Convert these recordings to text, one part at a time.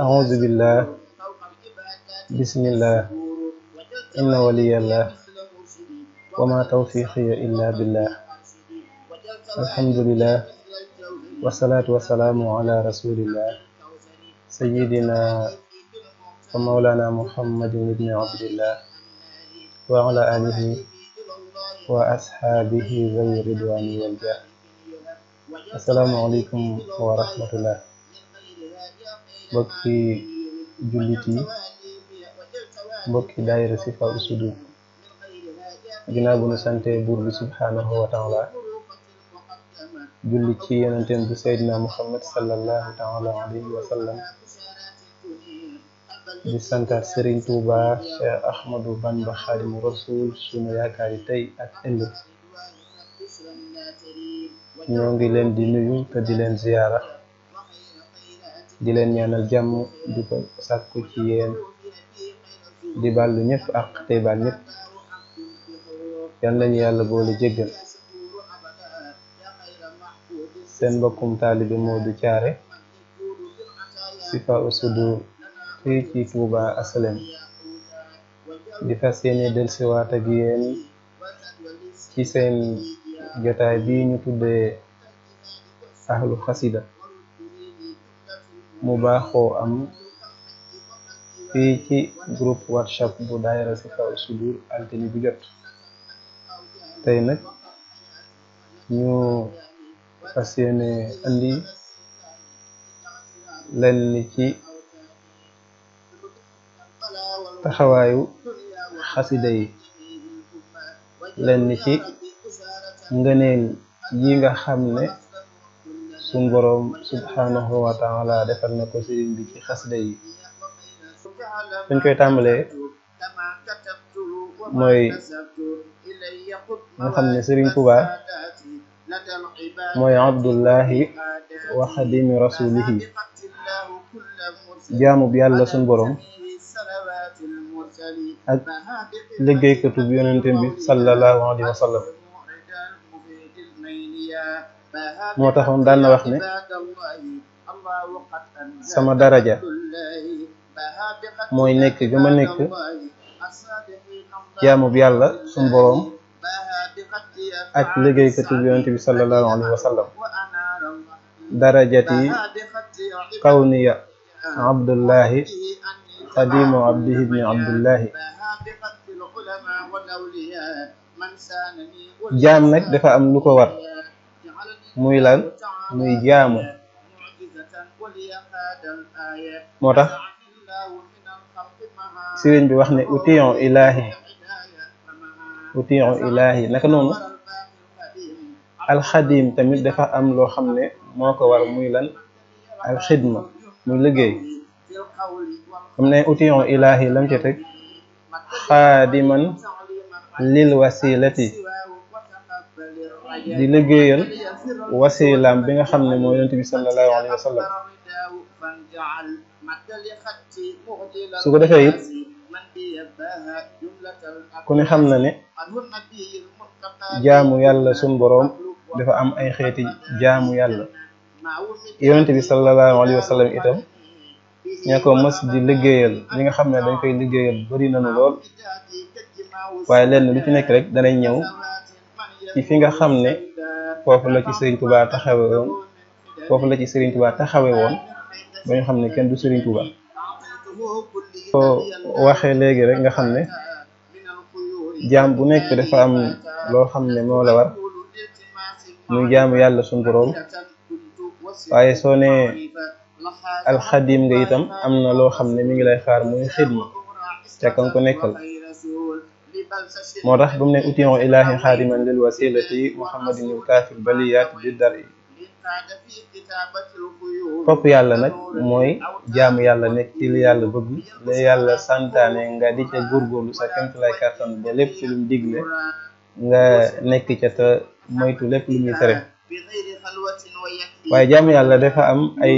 أعوذ بالله بسم الله إن ولي الله وما توفيقي إلا بالله الحمد لله والصلاة والسلام على رسول الله سيدنا ومولانا محمد بن عبد الله وعلى آله وأصحابه ذوي الرضوان والجاه السلام عليكم ورحمة الله mbokki jullit yi mbokki daayira Sifaa Sudur ginnaaw bu nu sante buur bi subhaanahu wa taala jullit ci yonenteem bi Seydina Muhammad sallallahu taala alayhi wa sallam di santa Sëriñ Tuuba Cheikh Ahmadu Bamba Xaadimu Rasuul sunu yaakaar yi tey ak ëllëg ñoo ngi leen di nuyu te di leen ziyaara di leen ñaanal jàmm di ko sàkku ci yéen di bàllu ñëpp ak tey baal ñëpp yan lañu yàlla boole jéggal seen mbokkum taalibi Modou Thiaré Sifaa Sudur fii ci Touba Asalem di fas yéene delsiwaat ak yéen ci seen jotaay bi ñu tuddee ahlu xasida mu baaxoo am fii ci groupe whatsapp bu daayira Safaa Sudur altine bi jot tey nag ñu fas yéene andi lenn ci taxawaayu xasida yi lenn ci ngëneel yi nga xam ne suñ boroom subhanahu wa taala defal na ko sëriñ bi ci xasida yi fuñ koy tàmbalee mooy nga xam ne sëriñ Tuuba mooy abdullahi wa rasulihi jaamub yàlla suñ boroom ak liggéeykatub yonente bi sallallahu alayhi wa sallam moo tax daal na wax ne sama daraja mooy nekk gi nekk jaamub yàlla su boroom ak liggéeykatu yonent bi sallallahu alayhi wa sallam darajati kawniya abdullahi xadimu abdihi bni abdullahi jaam nag dafa am lu ko war muy lan muy jaamu moo tax sëriñ bi wax ne utiyon ilaahi utiyon ilaahi naka noonu alxadim tamit dafa am loo xam ne moo ko war muy lan alxidma muy liggéey am ne utiyon ilaahi lam ci teg xaadiman lil wasilati di liggéeyal wasilaam bi nga xam ne mooy yonent bi sallallahu alayhi wa su ko defee it ku ne xam na ne jaamu yàlla suñ boroom dafa am ay xeeti jaamu yàlla yonent bi sallallahu alayhi wa sallam itam ña ko mës di liggéeyal li nga xam ne dañ koy liggéeyal bari nañu lool waaye lenn lu ci nekk rek danay ñëw ci fi nga xam ne foofu la ci Serigne Touba taxawe woon foofu la ci Serigne Touba taxawe woon ba ñu xam ne kenn du Serigne Touba soo waxee léegi rek nga xam ne jaam bu nekk dafa am loo xam ne moo la war muy jaamu yàlla suñu waaye soo nee alxadim nga itam am na loo xam ne mu ngi lay xaar muy xidma ca kan ko nekkal moo tax ba mu ne utiyon ilaahi xaadiman lil wasilati muhammadin il kaafil baliyaat di dar yi topp yàlla nag mooy jaamu yàlla nekk ci li yàlla bëgg li yàlla santaane nga di ca góorgóorlu sa kemtalaay kàttan ba lépp ci lum digle nga nekk ca te moytu lépp lu muy tere waaye jaamu yàlla dafa am ay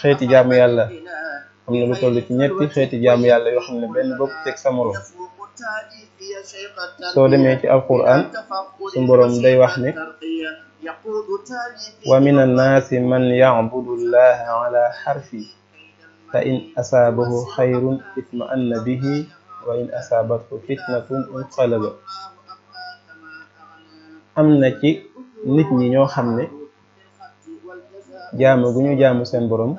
xeeti jaamu yàlla am na lu toll ci ñetti xeeti jaamu yàlla yoo xam ne benn bopp teg sa moroom soo demee ci alquran suñu boroom day wax ne wa min annaasi man yacbudu llaha ala xarfi fa in asaabahu xayrun itma'anna bihi wa in asaabathu fitnatun inqalaba am na ci nit ñi ñoo xam ne jaamu gu ñu jaamu seen boroom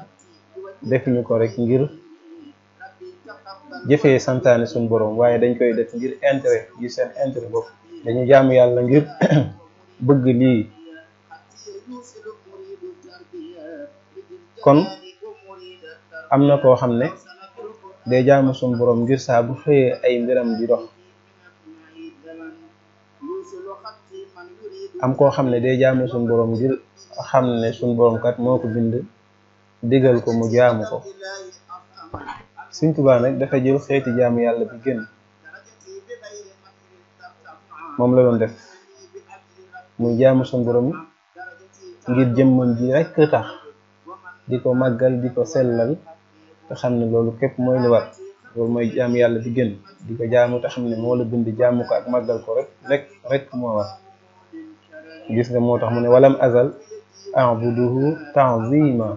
defuñu ko rek ngir jëfe santaane suñu borom waaye dañ koy def ngir intérêt ngir seen intérêt bopp dañu jaamu yàlla ngir bëgg lii kon am na koo xam ne day jaamu suñu boroom ngir saa bu xëyee ay mbiram di dox am koo xam ne day jaamu suñu borom ngir xam ne suñu borom kat moo ko bind digal ko mu jaamu ko Sëñ Tuubaa nag dafa jël xeeti jaamu yàlla bi gën moom la doon def muy jaamu sa ngir jëmmam ji rekk tax di ko màggal di ko sellal te xam ne loolu képp mooy li war loolu mooy jaamu yàlla bi gën di ko jaamu te xam ne moo la bind jaamu ko ak màggal ko rek rek moo war gis nga moo tax mu ne walam azal abuduhu tanzima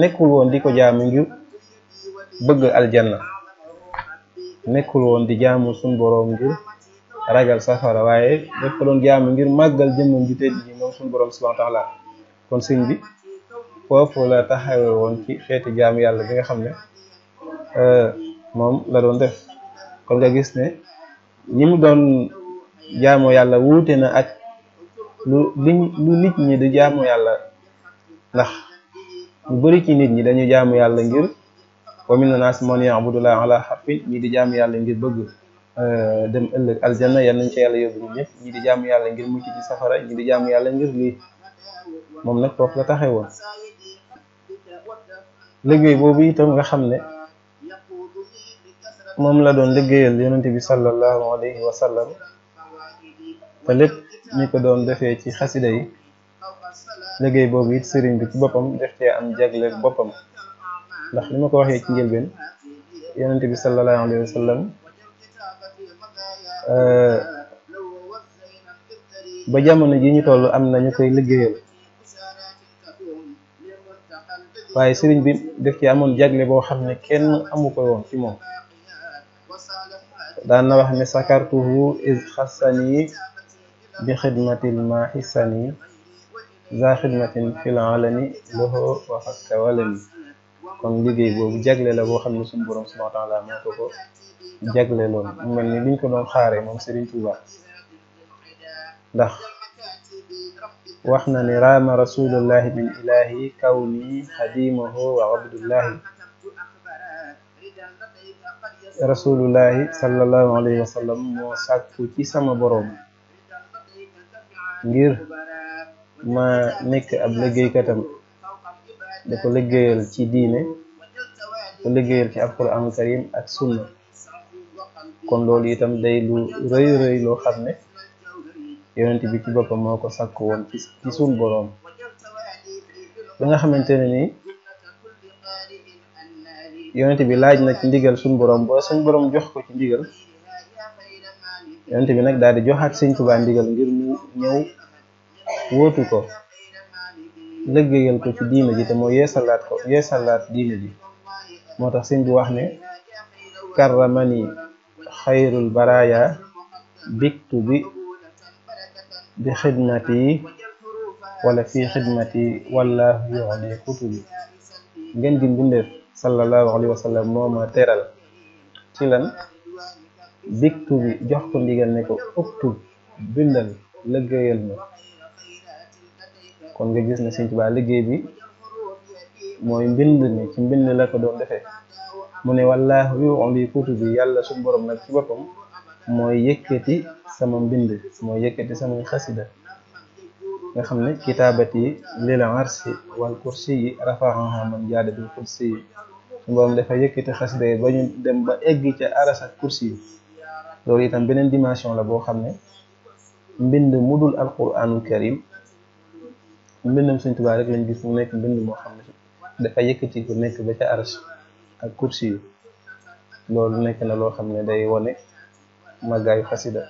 nekkul woon di ko jaamu ngir bëgg aljan aljanna nekkul woon di jaamu suñ boroom ngir ragal safara waaye def ko doon jaamu ngir màggal jëmmam ji tedd ji moom suñ boroom subhanahu wa taala kon sëñ bi foofu la taxawe woon ci xeeti jaamu yàlla bi nga xam ne euh, moom la doon def kon nga gis ne ñi mu doon jaamu yàlla wute na ak lu lu nit ñi di jaamu yàlla ndax lu bari ci nit ñi dañu jaamu yàlla ngir wa mina naas man ya'budullaha ala harfin ñi di jaamu yàlla ngir bëgg euh, dem ëllëg aljanna yal nañ yàlla di jaamu yàlla ngir mucc ci safara ñii di jaamu yàlla ngir lii moom nag foofu la taxee woon liggéey boobu itam nga xam ne moom la doon liggéeyal yonente bi sallallahu alayhi wa sallam te lépp ñi ko doon defee ci xasida yi liggéey boobu it sëriñ bi ci boppam def cee am jagleel boppam ndax li ma ko waxee ci njëlbeen yonente bi sallallahu alayhi wa sallam euh, ba jamono ji ñu toll am na ñu koy liggéeyal waaye sëriñ bi def ci amoon jagle boo xam ne kenn amu ko woon ci moom daan na wax ne sakartuhu is xasani bi xidmatil xisani za xidmatin fil alami loxo waxakka walami kon liggéey boobu jagle la boo xam ne suñu borom subhanahu wa taala moo ko ko jagle loolu mel ni liñ ko doon xaaree moom Serigne Touba ndax wax na ne raama rasulullahi min ilahi kawni xadimahu wa abdullahi rasulullahi sallallahu alayhi moo sàkku ci sama borom ngir ma nekk ab liggéeykatam dako liggeyal ci diine ko liggeyal ci alquran karim ak sunna kon loolu itam day lu rëy rëy lo xamne ne yonent bi ci bopam moko sakku won ci sun borom ba nga xamantene ni nii yonent bi laaj na ci ndigal sun borom bo sun borom jox ko ci ndigal yonent bi nak daal di joxat seigne touba ndigal ngir mu ñew wotu ko lëggéeyal ko ci diina ji te mooy yeesalaat ko yeesalaat diina ji moo tax sëñ bu wax ne karramani xayrul baraya biktu bi bi xidmati yi wala fii xidmati yi wallahu yoxli kutubi ngeen di mbindeef sallallahu alayhi wa sallam mooma teral ci lan biktu bi jox ko ndigal ne ko uktub bindal lëggéeyal ma kon nga gis ne seigne touba liggey bi moy mbind ni ci mbind la ko doon defee mu ne wallaahu kutu bi yàlla sun borom nak ci bopam moy yëkkati sama mbind moy yëkkati sama xasida nga xamne kitabati lil arsi wal kursi rafaaha man jada bil kursi yi borom dafa yëkkati xasida ba ñu dem ba egg ci arasa ak kursi yi itam benen dimension la bo xamne mbind mudul alquranul karim mbindam sëñ Tuubaa rek lañ gis mu nekk mbind moo xam ne dafa yëkkati ku nekk ba ca arsh ak kursi yu loolu nekk na loo xam ne day wone màggaayu xasida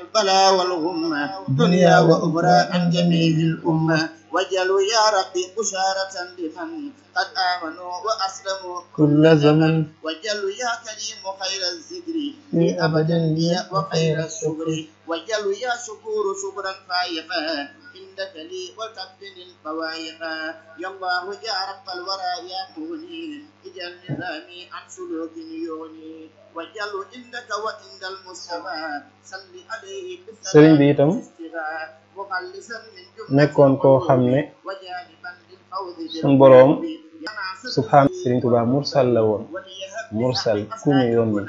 البلا والغمة دنيا وأخرى عن جميع الأمة وجلوا يا ربي بشارة لمن قد آمنوا وأسلموا كل زمن وجلوا يا كريم خير الذكر في أبدا لي وخير الشكر وجلوا يا شكور شكرا خائفا عندك لي وكفل القوائق يا الله يا رب الورى يا مغني اجعل نظامي عن سلوك يغني وجل عندك وعند المستوى صل عليه بالسلام والاستغاث مخلصا من جمله نكون كو خامني وجانبا للفوز بالبروم سبحان سيرين توبا مرسل لا وون مرسل كوني يوني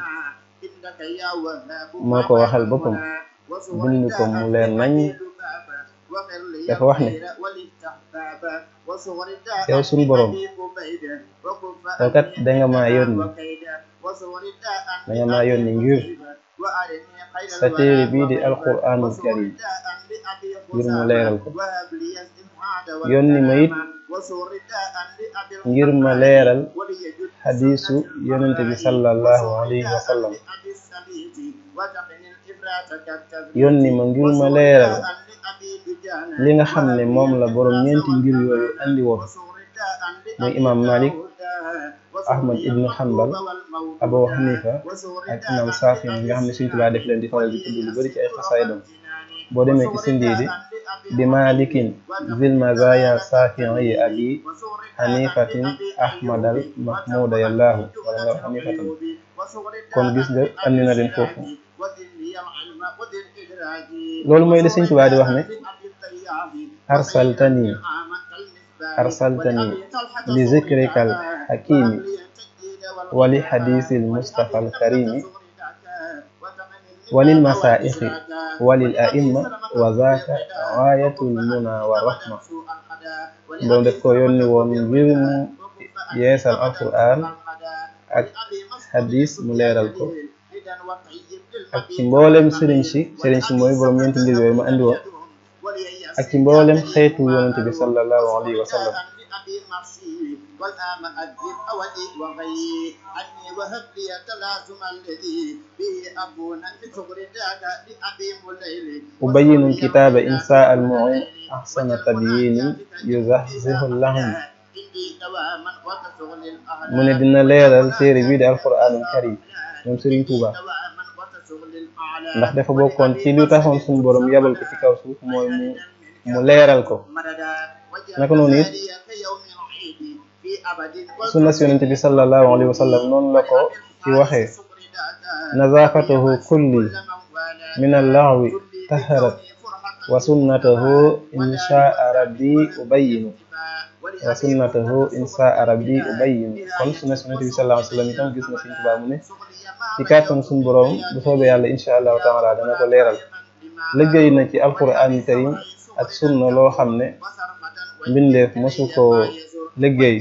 moo ko waxal boppam bind ko mu leer nañ dafa wax ne yow sunu boroom yow kat danga maa yónni danga maa yónni ngir sa téere bii di alquraanul karim ngir mu leeral ko yónni ngir ma leeral xadiisu yonente bi sallallahu ma ngir ma leeral li nga xam ne moom la borom ñeenti ngir yooyu andi woon muy imaam Malik Ahmad ibnu Hanbal Abu Hanifa ak imaam Saafi nga xam ne Sëriñ Tuubaa def leen di faral di tudd lu ci ay xasaayidam boo demee ci sindiidi bi malikin zil mazaya saafi'i abi hanifatin ahmadal mahmuda yallaahu wala nga hanifatan kon gis nga andi na foofu loolu mooy li Sëriñ Tuubaa di wax ne أرسلتني أرسلتني لذكرك الحكيم ولحديث المصطفى الكريم وللمسائخ وللأئمة وذاك غاية المنى والرحمة doon def ko yónni woon ngir mu alquran ak hadis mu leeral ko ak ci mboolem sëriñ si sëriñ si mooy borom ma andi woon ak ci mboolem xeetu yonente bi sallallahu alayhi wa sallam أبين الكتاب إن ساء المعين أحسن تبيين يزحزح لهم mu ne dina leeral téere bii di alquraanul karim moom Serigne Touba ndax dafa bokkoon ci lu taxoon suñu borom yabal ko ci kaw suuf mooy mu mu leeral ko naka noonu it sunna si yonente bi alayhi wa sallam noonu la ko ci waxe nazafatuhu kulli min allawi taharat wa sunnatahu inshaa rabbi ubayinu wa sunnatahu inshaa rabbi ubayinu kon sunna si yonente bi sallallahu alayhi wa sallam itam gis na Sëriñ Tuubaa mu ne ci kàttan bu soobee yàlla insha allahu taala dana ko leeral liggéey na ci alquraanul karim ak sunna loo xam ne mbindeef mosu koo liggéey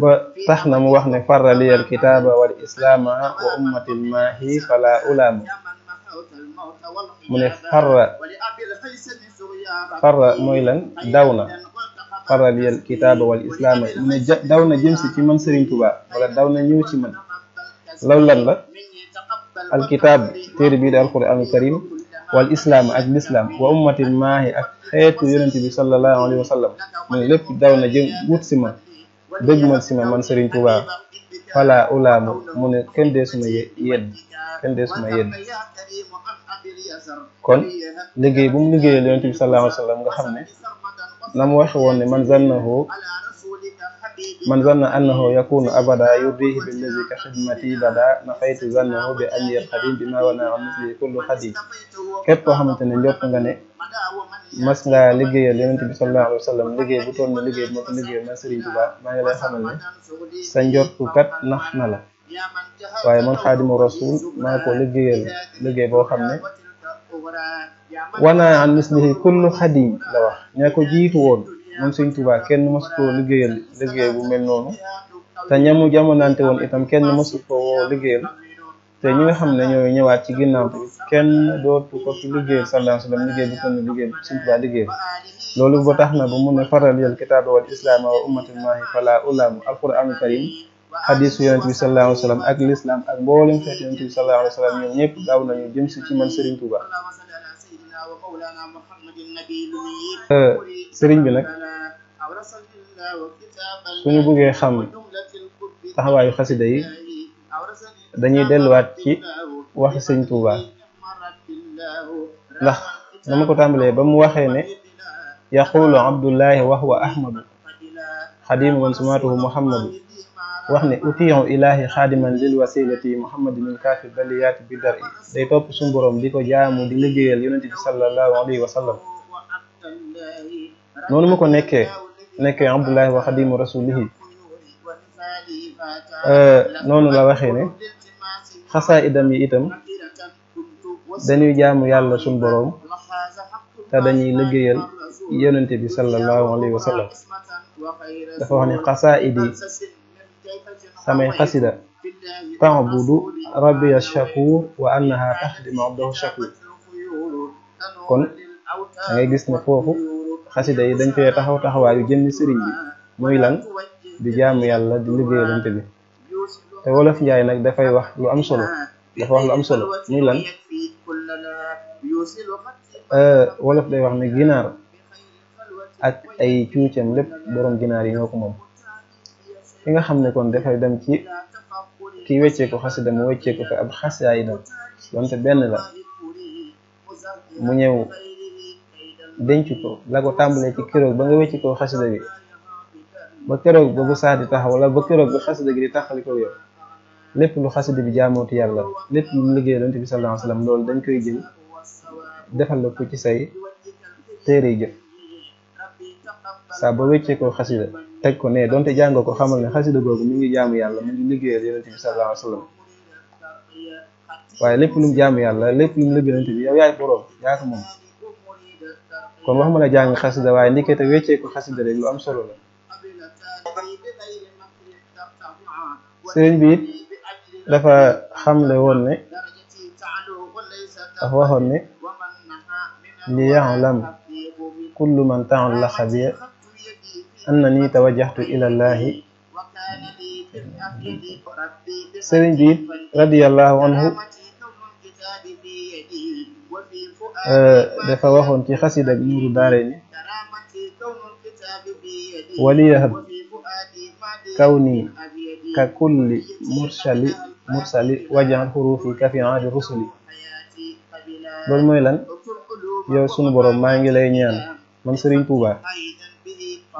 ba tax na mu wax ne farraliyal kitaaba wal islaama wa ummatin maahi fala ulaama mu ne farra farra mooy lan daw na farraliyal kitaaba wal islaama mu ne daw na jëm ci man sëriñ Tuubaa wala daw na ñëw ci man loolu lan la alkitaab téere bii di alquraanul karim wal islaam ak lislaam wa ummatin maahi ak xeetu yonente bi sallallahu alayhi wa sallam man lépp daw na jëm wut si ma dëgg man si ma man Sëriñ Tuubaa fala ulaamu mu ne kenn dee suma yedd suma yedd kon liggéey bu mu liggéeyal yonente bi sallallahu alayhi nga xam ne na mu waxe woon ne man zannahu man zanna annahu yakunu abada yurdihi billazi ka xidmati bada na faytu zannahu bi anil xadim bi ma wana am misli kullu xadim képp koo xamante ne njort nga ne mas ngaa liggéeyal yonent bi sallallahu alayhi liggéey bu liggéey moo ko liggéeyal man sa njortu kat nax na la waaye man xaadimu rasul maa ko liggéeyal liggéey boo xam ne wana an mislihi kullu xadim la wax ñaa ko jiitu woon moom sëñ tubaa kenn mosu koo liggéeyal liggéey bu mel noonu te ñamu jamonante woon itam kenn mosu koo liggéeyal te ñi nga xam ne ñooy ñëwaat ci ginnaaw kenn dootu ko ci liggéeyal sallallahu alayhi wa sallam liggéey bu kenn liggéeyal sëñ Tuubaa liggéeyal loolu ba tax na ba mu ne faral yal kitaaba wal islaama wa ummatillahi fala ulaamu alquranu karim xadisu yonente bi sallallahu alayhi ak l'islam ak mboolem xeet yonente bi sallallahu alayhi wa sallam ñoom ñëpp daaw nañu jëm si ci man Sëriñ Tuubaa sëriñ bi nag suñu buggee xam taxawaayu xasida yi dañuy delluwaat ci waxi sëñ Touba ndax dama ko tàmbalee ba mu waxee ne yaqulu abdullahi wa ahmadu xadimu man sumaatuhu muhammadu wax ne utiyon ilahi xaadiman lil wasilati muhammadinil kaafi baliyaati bi dar i day topp suñu boroom di ko jaamu di liggéeyal yonente bi sallallahu wa sallam noonu ko nekkee nekkee abdullahi wa xadimu rasulihi euh, noonu la waxee ne xasaa idam yi itam dañuy jaamu yàlla suñu boroom te dañuy liggéeyal yonente bi sallallahu alayhi wa sallam dafa wax ne xasaa كما ينقسد تعبد ربي الشكور وأنها تخدم عبده الشكور kon da ngay gis ne fofu xasida yi dañ fee taxaw yu jëmmi sëriñ bi muy lan di jaamu yàlla di liggéeyalante bi te wolof njaay nag dafay wax lu am solo dafa wax lu am solo muy lan eh, wolof day wax ne ginaar ak ay cuucam lépp borom ginaar yi ñoo ko moom ki nga xam ne kon dafay dem ci ki wecceeku xasida mu wecceeku fi ab xasaayidam donte benn la mu ñëw denc ko la ko tàmbalee ci keroog ba nga wecci ko xasida bi ba keroog ba bu sax di taxaw wala ba këroog ba xasida gi di taxali ko yow lépp lu xasida bi jaamooti yàlla lépp lu liggéey yonent bi sallallahu alayhi wasallam loolu dañ koy jël defal la ko ci say téere jëf saa ba wéccee ko xasida teg ko ne donte jàngoo ko xamal ne xasida googu mu ngi jaamu yàlla mi ngi liggéeyal yonente bi waaye lépp lu mu jaamu yàlla lépp lu mu liggéeyal yonente bi yaay boroom yaa ko moom kon wax mën a jàng xasida waaye ndikete weccee ko xasida lu am solo la sëriñ bi it dafa xamle woon ne dafa waxoon ne li ya'lam kullu man ta'allaqa bi annani tawajjahtu ila allah sëriñ bi radiyallahu anhu dafa waxoon ci khasida bi nuuru kauni ni waliyahab kauni ka kulli mursali mursali hurufi ka kafi aadi rusuli lol moy lan yow sunu borom ma ngi lay ñaan man serigne touba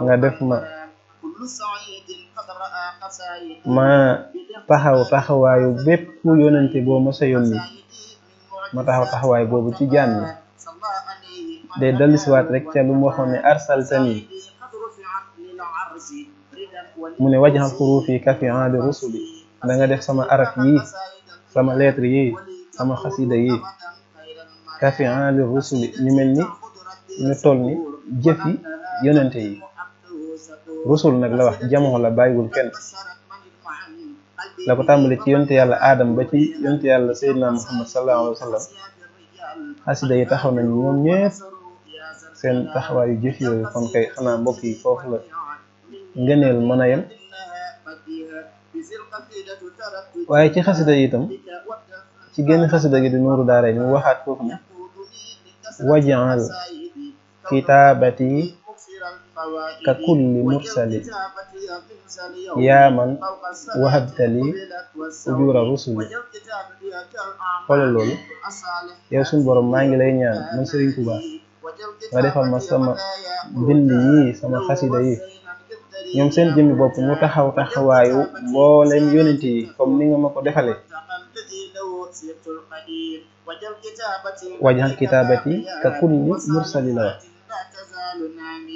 ngadef ma ma taxaw taxawaayu bépp yonente boo ma sa yónni ma taxaw taxawaay boobu ci jaam yi day dellusiwaat rek ca lu mu waxoon ne arsaltani mu ne wajal xuruufi rusuli da nga def sama araf yi sama lettre yi sama xasida yi kafian li rusuli ñu mel ni ñu toll ni jëfi yonente yi rusul nag la wax jamono la bàyyiwul kenn la ko tàmbali ci yonte yàlla aadama ba ci yonte yàlla seydina muhammad sallallahu alayhi wa xasida yi taxaw nañ ñoom ñëpp seen taxawaayu jëf yooyu kon kay xanaa mbokk yi foofu la ngëneel mën a waaye ci xasida yi ci génn xasida gi di nuuru daara yi mu waxaat foofu ne wajaal kitaabati ككل مرسل يا من وهبت لي أجور الرسل قال loolu يا suñu borom maa ngi lay من man nga defal ma sama bind yi sama xasida yi ñoom seen jëmmi bopp mu taxaw taxawaayu mboolem yonent yi comme ni nga ma ko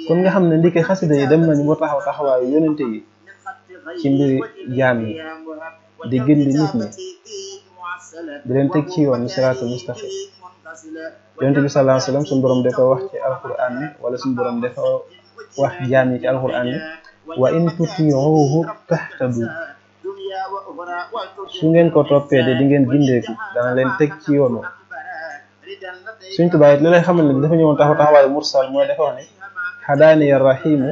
kon nga xam ne ndikki xasida yi dem nañu ba taxaw taxawaayu yonente yi ci mbiri jaam yi di gindi nit ñi di leen teg ci yoon siraatul mustaqim yonente bi sallallahu alayhi wasallam suñu dafa wax ci alquran yi wala suñu boroom dafa wax jaam yi ci alquran yi wa in tutiuhu tahtadu su ngeen ko toppee de di ngeen gindeeku dana leen teg ci yoon Sëriñ Tuubaa it li lay xamal ne dafa ñëwoon taxaw taxawaayu mursal mooy dafa wax ne xadaaniya rahimu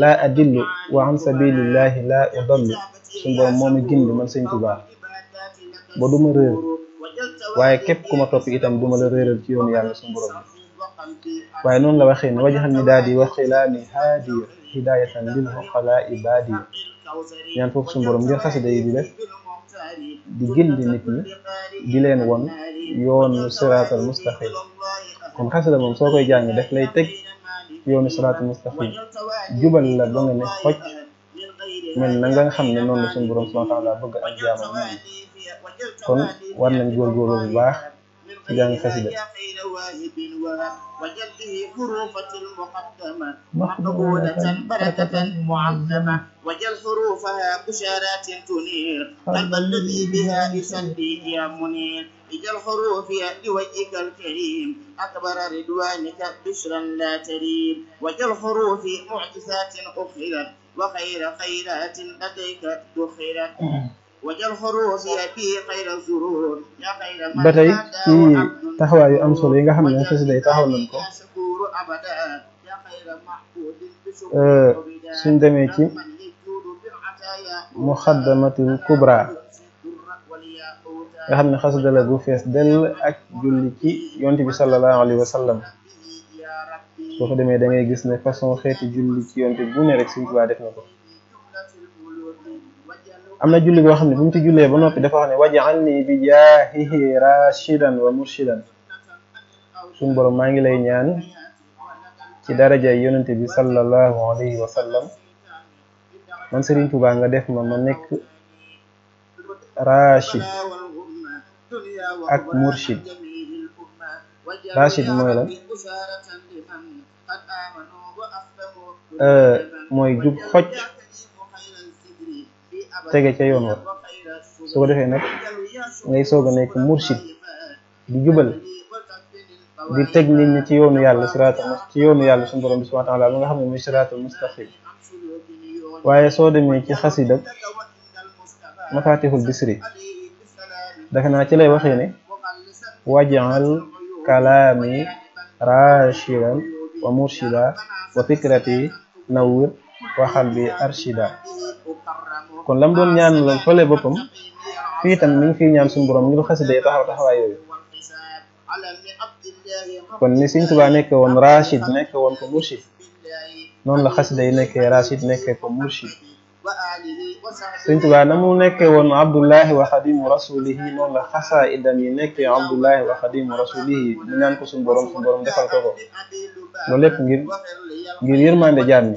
laa adillu wa an sabilillahi laa udallu suñu borom moo ma gindi man Sëriñ Tuubaa ba du ma waaye képp ku ma topp itam du ma ci yoonu yàlla suñu borom waaye noonu la waxee ne wajaxal ni daal di wax xilaani haadiya hidaayatan lil xoqalaa ibaadiya ñaan foofu suñu borom ngir xasida yi di def di gindi nit ñi di leen won yoonu siraatal mustaqim kon xasida soo koy jàng def lay teg yoonu siraatal mustaqim jubal la ba nga ne xoj mel na nga xam ne noonu la suñu borom subhaanahu wa bëgg ak jaamam kon war nañ góorgóorlu bu baax يعني فسدت قيل واهب وجله حروفة مقدمة مقبولة بركة معظمة وجل حروفها بشارات تنير قلب الذي بها يصلي يا منير اجل حروف لوجهك الكريم أكبر رضوانك بشرا لا تريب وجل حروف معجزات أخرت وخير خيرات لديك دخلت ba tey ci taxawaay yu am solo yi nga xam ne xasida yi taxaw nañ ko euh, suñ demee ci muxaddamatul kubra nga xam ne xasida la gu fees dell ak julli ci yonte bi sallallahu alayhi wa sallam soo ko demee da ngay gis ne façon xeeti julli ci yonte bu ne rek suñ tubaa def na ko am na julli goo xam ne bu mu ci jullee ba noppi dafa wax ne waj'alni bi jaahihi rashidan wa murshidan suñu borom maa ngi lay ñaan ci daraja yonente bi sallallahu alayhi wa sallam man Serigne Touba nga def ma ma nekk rachid ak murshid rachid mooy lan euh, mooy jub xocc tege ca yoon wa su ko defee nag ngay soog a nekk mursid di jubal di teg nit ñi ci yoonu yàlla siraatal ci yoonu yàlla suñu borom bi subhaanahu nga xam ne muy siraatal mustaqim waaye soo demee ci xasida mafatihul bisri defe naa ci lay waxee ne wajal kalaami rashidan wa murshida wa fikrati nawwir wa qalbi arshida kon lam doon ñaan la fële boppam fii tam mi ngi ñaan suñu borom ngir xasida yi taxaw taxawaay yooyu kon ni Sëriñ Tuubaa nekke woon rachid nekke woon ko murshid noonu la xasida yi nekkee rachid nekkee ko murshid Sëriñ Tuubaa na mu nekkee woon abdullahi wa xadimu rasulihi noonu la xasaa idam yi nekkee abdullahi wa xadimu rasulihi mu ñaan ko suñu borom suñu borom ko ko lépp ngir ngir yërmande jaam ñi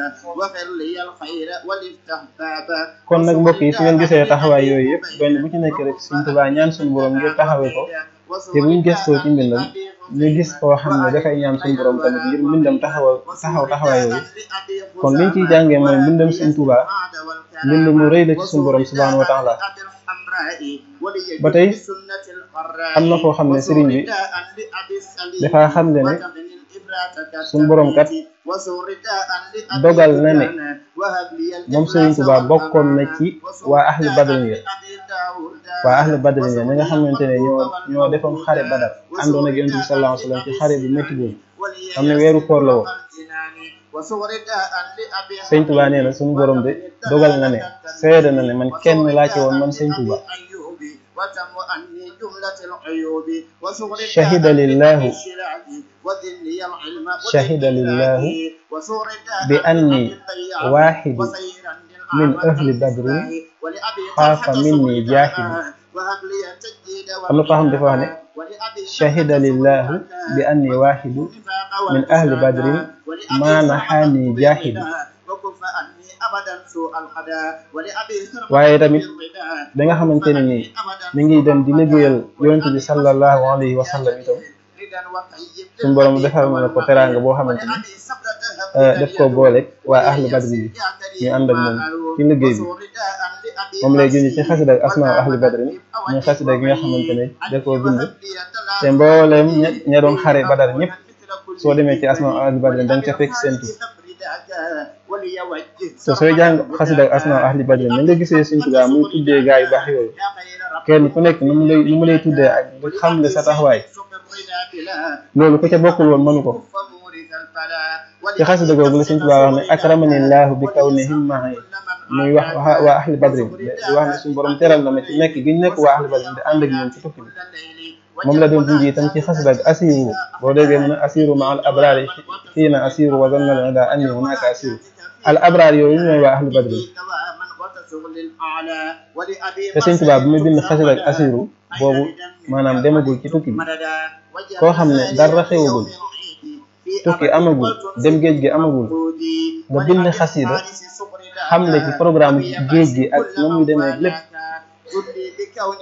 kon nag mbokk yi su ngeen gisee taxawaay yooyu yëpp benn bu ci nekk rek Sëriñ Tuubaa ñaan suñu borom ngir taxawee ko te buñ gëstoo ci mbindam ñu gis koo xam ne dafay ñaan suñu borom tamit ngir mbindam taxawal taxaw taxawaay yooyu kon liñ ciy jàngee mooy mbindam Sëriñ Tuubaa mbind mu rëy la ci suñu borom subhaanahu wa taala ba tey am na foo xam ne sëriñ bi dafaa xam ne ne suñu borom kat. dogal na ne moom Sëriñ Tuubaa bokkoon na ci waa ahlu badrin ya waa ahlu badrin ya nga xamante ne ñoo ñoo defoon xare badar àndoon ak yonent bi wa sallam ci xare bu métti boobu xam ne weeru koor la woon Sëriñ Tuubaa nee na suñu borom bi dogal na ne seede na ne man kenn laa ci woon man Sëriñ Tuubaa shahida lillaahu شهد لله بأني واحد من أهل بدر خاف مني جاهل xam nga foo xam dafa wax ne shahida lillahu bi anni waahidu min ahli badrin maa nahaani jaahidu waaye tamit da nga xamante ne nii mi ngi dem di liggéeyal yonent bi sallallahu alayhi wa sallam itam suñu borom defal ma ko teraanga boo xamante ni def eh, ko booleeg waa ahlu badri yi ñu ànd ak moom ci liggéey bi moom lay junj ci xasida ak ahlu badri muy xasida nga xamante ne da koo bind doon xare badar soo demee ci asmaa ahlu badri ca fekk seen tur te sooy jàng xasida ak asmaa ahlu badri na nga gisee suñ tugaa muy tuddee gaa yu baax yooyu kenn ku nekk nu mu lay tuddee ak xam le sa taxawaay loolu ku ca bokkul woon mënu ko ci xasida googu la Sëñ Tuubaa wax ne akramani llaahu bi kawni himmahay muy wax waa ahli badrin di wax ne suñu borom teral na nekk gi ñu nekk waa ahli badrin di ci tukki moom la doon junj itam ci xas gi asiru boo dee mu ne asiru ma al abrari xiina asiru wa zanna al ida anni hunaka asiru al abraar yooyu ñooy waa ahli badrin te Sëñ Tuubaa muy bind xasida ak asiru boobu maanaam demagul ci tukki bi koo xam ne dara xewagul tukki amagul dem géej gi amagul nga bind xasida xam ne ci programme géej gi ak na muy demee lépp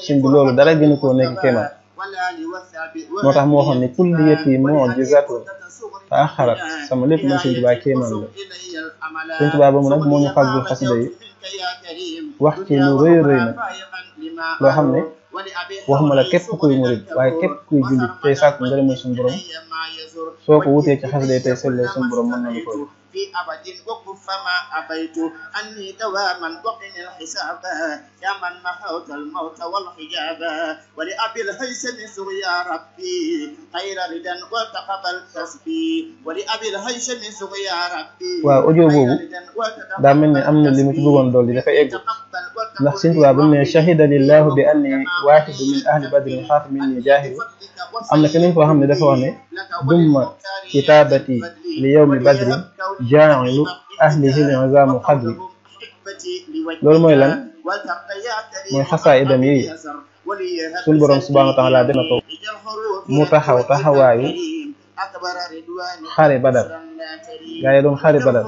sëñ bi loolu dara gënu koo nekk kéemaan moo tax moo xam ne kulli yëpp yi moo jisaatu taa xarat sama lépp man sëñ Tuubaa kéemaan la sëñ Tuubaa ba mu nag moo ñu fàggul xasida yi wax ci lu rëy rëy nag loo xam ne waxuma la képp kuy murid waaye képp kuy te saat sàkku ngërëmal suñu borom soo ko wutee ci xasida tey seetlee suñu borom mën na la في أبد وقف فما أبيت أني دواما وقني الحساب يا من محوت الموت والحجاب ولأبي الهيثم سر يا ربي خير ردا وتقبل تسبي ولأبي الهيثم سر يا ربي waaw audio boobu daa mel ni am na li mu ci bëggoon dool di dafa egg ndax Sëñ Tuubaa bu ne shahida lillahu bi anni waaxidu min ahli badrin xaaf min ni jaahidu am na keneen koo xam ne dafa wax ne duma kitaabati li yawmi badri jaa'ilu ahlihi al-'izaamu qadri loolu mooy lan mooy xasaayidam yi suñ boroom subhaanahu wa taala def na ko mu taxaw taxawaayu xare badar gaa yi doon xare badar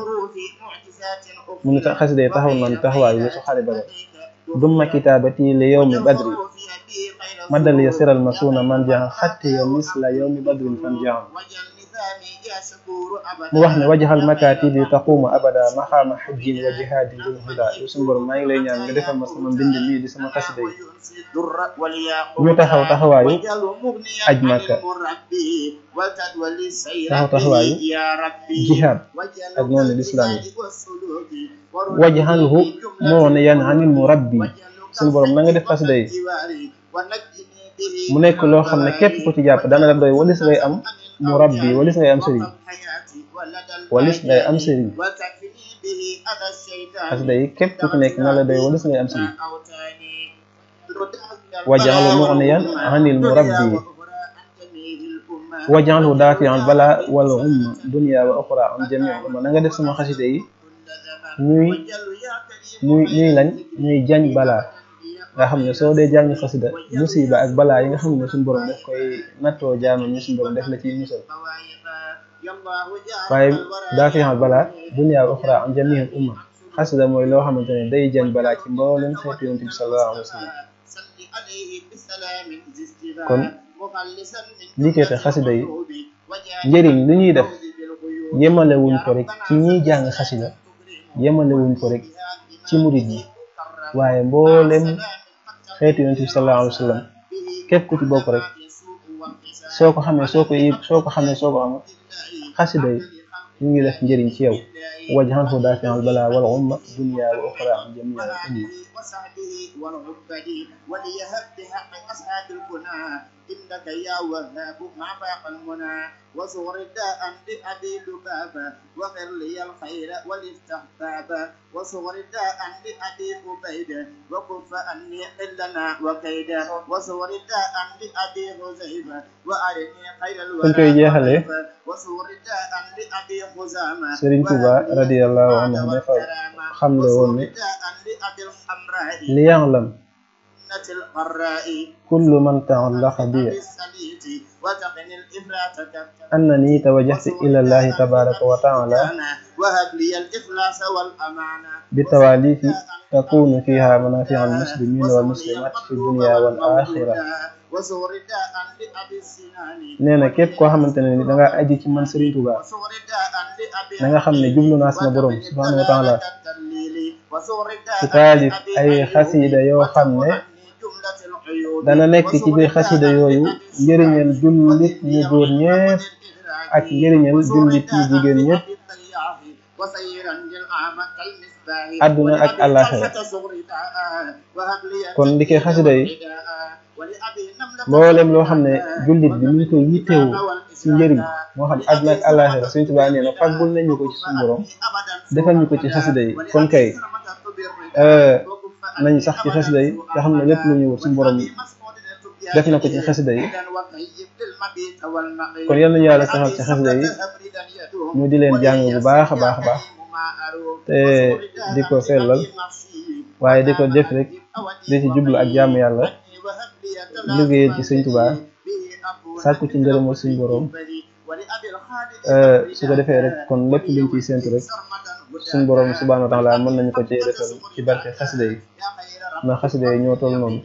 mu ngi xasida yi taxaw noonu taxawaayu weesu xare badar dumma kitaabati li yawmi badri madal yasiral masuuna man jaan xatti ya misla yawmi badrin fan jaan Ya, wax ne wajahal makatibi taquma abada maxa mahajjin wa jihadin lil huda yu sun borom maa ngi lay ñaan nga defal ma sama mbind mii di sama xasida yi ñu taxaw taxawaayu aj taxaw taxawaayu jihad ak di lislaam yi wajhalhu moo ne yan anil mu rabbi sun borom na nga def xasida yi mu nekk dana la doy walis am mu rabbi walis ngay am sëriñ walis ngay am sëriñ xasida yi képp ku nekk na la doy walis ngay am sëriñ wajaxlu muxniyan anil mu rabbi wajaxlu daafiyan bala wal umma dunya wa oxra am jamiu umma na def sama xasida yi ñuy ñuy lañ ñuy jañ balaa nga xam ne soo dee jàng xasida musiba ak balaa yi nga xam ne suñu borom daf koy nattoo jaamam ñu suñu borom def la ciy musal waaye daa fi xam balaa dunya wa uxra am jamiil umma xasida mooy loo xamante ne day jàng balaa ci mboolem xeetu yonent bi sallallahu alayhi wa sallam kon liggéeyte xasida yi njëriñ lu ñuy def yemale wuñ ko rek ci ñiy jàng xasida yemale wuñ ko rek ci murid yi waaye mboolem xeetu yonent bi sallallahu alayhi wa sallam képp ku ci rek soo ko xamee soo ko yëg soo ko xamee soo ko amul xasida yi ñu ngi def njëriñ ci yow wajhanhu dafi'al umma dunya wa ukhra am jamia إنك يا وهاب عفاقا المنى وزور داء بأبي ذبابة وغر لي الخير ولفتح بابا وصغر داء لأبي قبيدة وكف أني حلنا وكيدا وصغر داء لأبي خزيمة وأرني خير الورى وصغر داء لأبي خزامة سيرين كوبا رضي الله عنه خمد وني ليعلم فتنة القراء كل من تعلق بي أنني توجهت إلى الله تبارك وتعالى وهب لي الإخلاص والأمانة بتواليك تكون فيها منافع المسلمين والمسلمات في الدنيا والآخرة nee na képp koo xamante ne ni da nga aji ci man Serigne Touba na nga xam ne jublu naa sama borom subhanahu wa taala ci taalif ay xasida yoo xam ne dana nekk ci biir xasida yooyu njëriñal jullit ñu góor ñëpp ak njëriñal jullit ñu jigéen ñëpp àdduna ak àllaaxira kon ndike xasida yi mboolem loo xam ne jullit bi ñu koy yittewoo ci njëriñ moo xam àdduna ak àllaaxira Sëriñ Tuubaa nee na faggul nañu ko ci suñu borom defal ko ci xasida yi kon kay euh, nañu sax ci xes yi te xam ne lépp lu ñu wër suñu def na ko ci xasida yi kon yal nañu yàlla saxal ci xasida yi ñu di leen jàng bu baax a baax baax te di ko sellal waaye di ko def rek di ci jublu ak jàmm yàlla liggéeyal ci sëñ Tuubaa sàkku ci ngërëmal suñu borom euh, su ko defee rek kon lépp luñ ciy séntu rek suñu boroom subhanahu wa taala mën nañu ko ci defal ci barke xasida yi na xasida yi ñoo toll noonu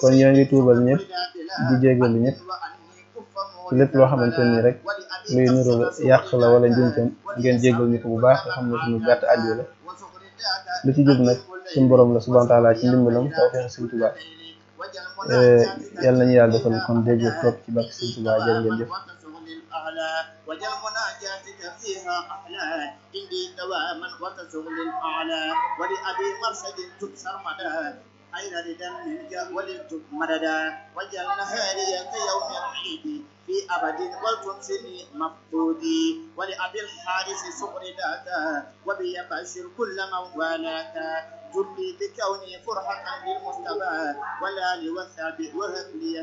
kon ñoo ngi tuubal ñëpp di jégalu ñëpp ci lépp loo xamante ni rek luy nuru yàq la wala njumtam ngeen jégal ñu ko bu baax nga xam ne suñu gàtt àddiyo la lu ci jub nag suñu borom la subhanahu wa taala ci ndimbalam tawfeex Sëriñ Tuubaa eh, yàlla nañu yàlla defal kon dégg topp ci barke Sëriñ Tuubaa jërë ngeen jëf أعلى وجل مناجاتك فيها أحلى عندي دواما وتشغل أعلى ولأبي مرشد تكسر مدى أين لدم منك وللتب مددا وجل نهاري كيوم العيد في أبد والتمسني مفقودي ولأبي الحارس صغر داتا وبيبشر كل من والاتا جلي بكوني فرحة للمصطفى ولا لوثابي وهب لي